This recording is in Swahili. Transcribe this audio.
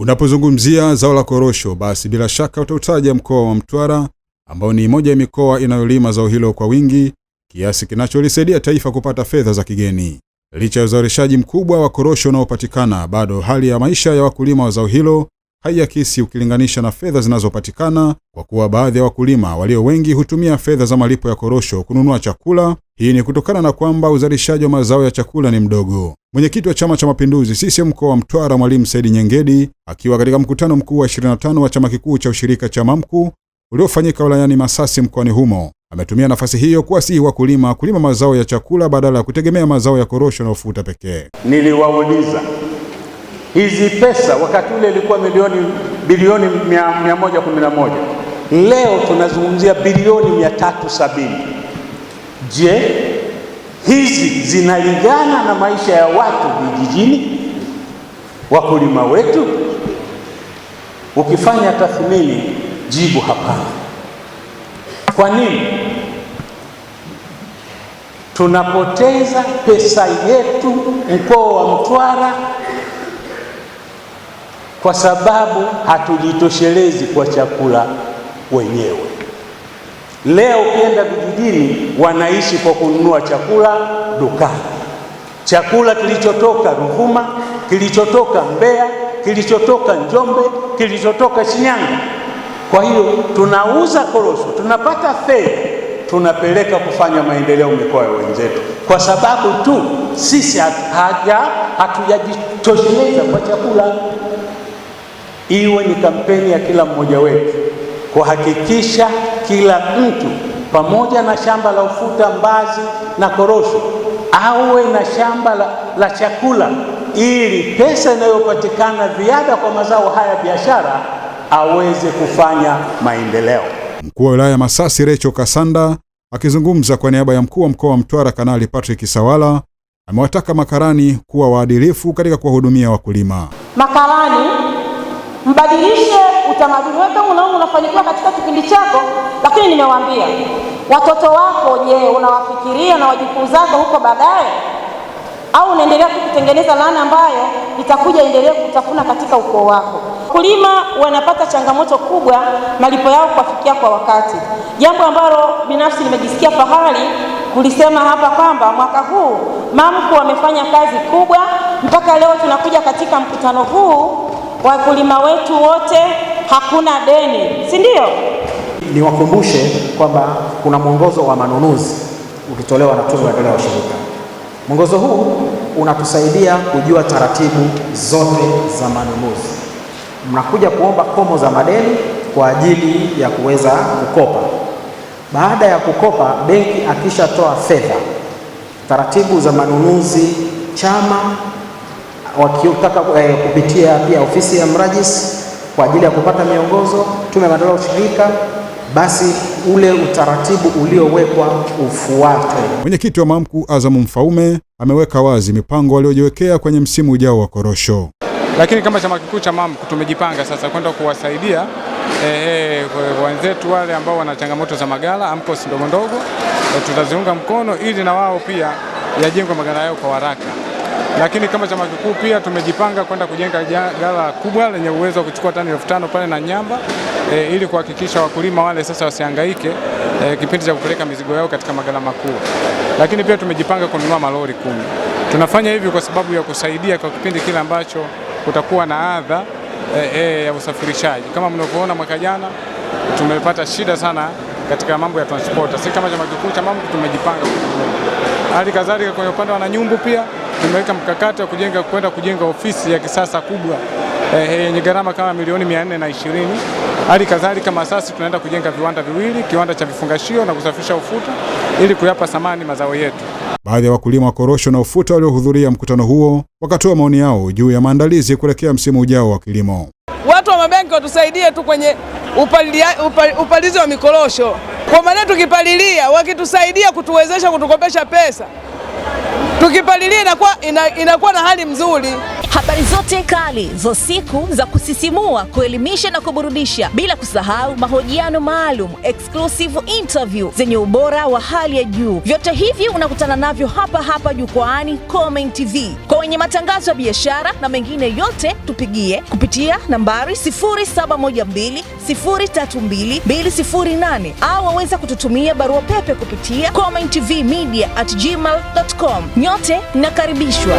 Unapozungumzia zao la korosho, basi bila shaka utautaja mkoa wa Mtwara ambao ni moja ya mikoa inayolima zao hilo kwa wingi kiasi kinacholisaidia taifa kupata fedha za kigeni. Licha ya uzalishaji mkubwa wa korosho unaopatikana, bado hali ya maisha ya wakulima wa zao hilo haiakisi ukilinganisha na fedha zinazopatikana, kwa kuwa baadhi ya wakulima walio wengi hutumia fedha za malipo ya korosho kununua chakula hii ni kutokana na kwamba uzalishaji wa mazao ya chakula ni mdogo. Mwenyekiti wa Chama cha Mapinduzi CCM mkoa wa Mtwara, Mwalimu Said Nyengedi, akiwa katika mkutano mkuu wa 25 wa chama kikuu cha ushirika cha uliofanyika wilayani Masasi mkoani humo, ametumia nafasi hiyo kuwasihi wakulima kulima mazao ya chakula badala ya kutegemea mazao ya korosho na ufuta pekee. Niliwauliza hizi pesa wakati ule ilikuwa milioni bilioni 111, leo tunazungumzia bilioni 370. Je, hizi zinalingana na maisha ya watu vijijini, wakulima wetu? Ukifanya tathmini, jibu hapana. Kwa nini? Tunapoteza pesa yetu mkoa wa Mtwara kwa sababu hatujitoshelezi kwa chakula wenyewe. Leo ukienda vijijini wanaishi kwa kununua chakula dukani, chakula kilichotoka Ruvuma, kilichotoka Mbeya, kilichotoka Njombe, kilichotoka Shinyanga. Kwa hiyo tunauza korosho, tunapata fedha, tunapeleka kufanya maendeleo mikoa ya wenzetu, kwa sababu tu sisi hatujajitosheleza kwa chakula. Iwe ni kampeni ya kila mmoja wetu kuhakikisha kila mtu pamoja na shamba la ufuta, mbazi na korosho, awe na shamba la, la chakula, ili pesa inayopatikana ziada kwa mazao haya biashara aweze kufanya maendeleo. Mkuu wa wilaya Masasi Recho Kasanda akizungumza kwa niaba ya mkuu wa mkoa wa Mtwara Kanali Patrick Sawala amewataka makarani kuwa waadilifu katika kuwahudumia wakulima. Makarani mbadilishe utamaduni. Wewe kama unaona unafanikiwa katika kipindi chako, lakini nimewaambia watoto wako, je, unawafikiria na wajukuu zako huko baadaye, au unaendelea kutengeneza laana ambayo itakuja endelee kutafuna katika ukoo wako? Wakulima wanapata changamoto kubwa malipo yao kuwafikia kwa wakati, jambo ambalo binafsi nimejisikia fahari kulisema hapa kwamba mwaka huu MAMCU wamefanya kazi kubwa mpaka leo tunakuja katika mkutano huu wakulima wetu wote, hakuna deni, si ndio? Niwakumbushe kwamba kuna mwongozo wa manunuzi ukitolewa na Tume ya Maendeleo ya Ushirika. Mwongozo huu unatusaidia kujua taratibu zote za manunuzi. Mnakuja kuomba komo za madeni kwa ajili ya kuweza kukopa. Baada ya kukopa, benki akishatoa fedha, taratibu za manunuzi chama wakitaka eh, kupitia pia ofisi ya mrajis kwa ajili ya kupata miongozo tume ya maendeleo ya ushirika basi ule utaratibu uliowekwa ufuatwe. Mwenyekiti wa MAMCU Azamu Mfaume ameweka wazi mipango waliojiwekea kwenye msimu ujao wa korosho. Lakini kama chama kikuu cha MAMCU tumejipanga sasa kwenda kuwasaidia eh, eh, wenzetu wale ambao wana changamoto za magala amkosi ndogondogo, eh, tutaziunga mkono ili na wao pia yajengwe magala yao kwa haraka lakini kama chama kikuu pia tumejipanga kwenda kujenga ghala kubwa lenye uwezo wa kuchukua tani elfu tano pale na Nyamba e, ili kuhakikisha wakulima wale sasa wasihangaike e, kipindi cha kupeleka mizigo yao katika maghala makuu. Lakini pia tumejipanga kununua malori kumi. Tunafanya hivi kwa sababu ya kusaidia kwa kipindi kile ambacho kutakuwa na adha e, e, ya usafirishaji. Kama mnavyoona mwaka jana tumepata shida sana katika mambo ya transporta. Sisi kama chama kikuu cha mambo tumejipanga. Hali kadhalika kwenye upande wa Nanyumbu pia tumeweka mkakati wa kujenga kwenda kujenga ofisi ya kisasa kubwa eh, yenye gharama kama milioni mia nne na ishirini. Hali kadhalika Masasi tunaenda kujenga viwanda viwili, kiwanda cha vifungashio na kusafisha ufuta ili kuyapa samani mazao yetu. Baadhi ya wakulima wa korosho na ufuta waliohudhuria mkutano huo wakatoa maoni yao juu ya maandalizi kuelekea msimu ujao wa kilimo. Watu wa mabenki watusaidie tu kwenye upalilia, upal, upalizi wa mikorosho, kwa maana tukipalilia wakitusaidia kutuwezesha kutukopesha pesa tukipalilia inakuwa, ina, inakuwa na hali mzuri. Habari zote kali za siku za kusisimua, kuelimisha na kuburudisha, bila kusahau mahojiano maalum, exclusive interview zenye ubora wa hali ya juu, vyote hivi unakutana navyo hapa hapa jukwaani Khomein TV wenye matangazo ya biashara na mengine yote, tupigie kupitia nambari 0712032208 au waweza kututumia barua pepe kupitia gmailcom Nyote nakaribishwa.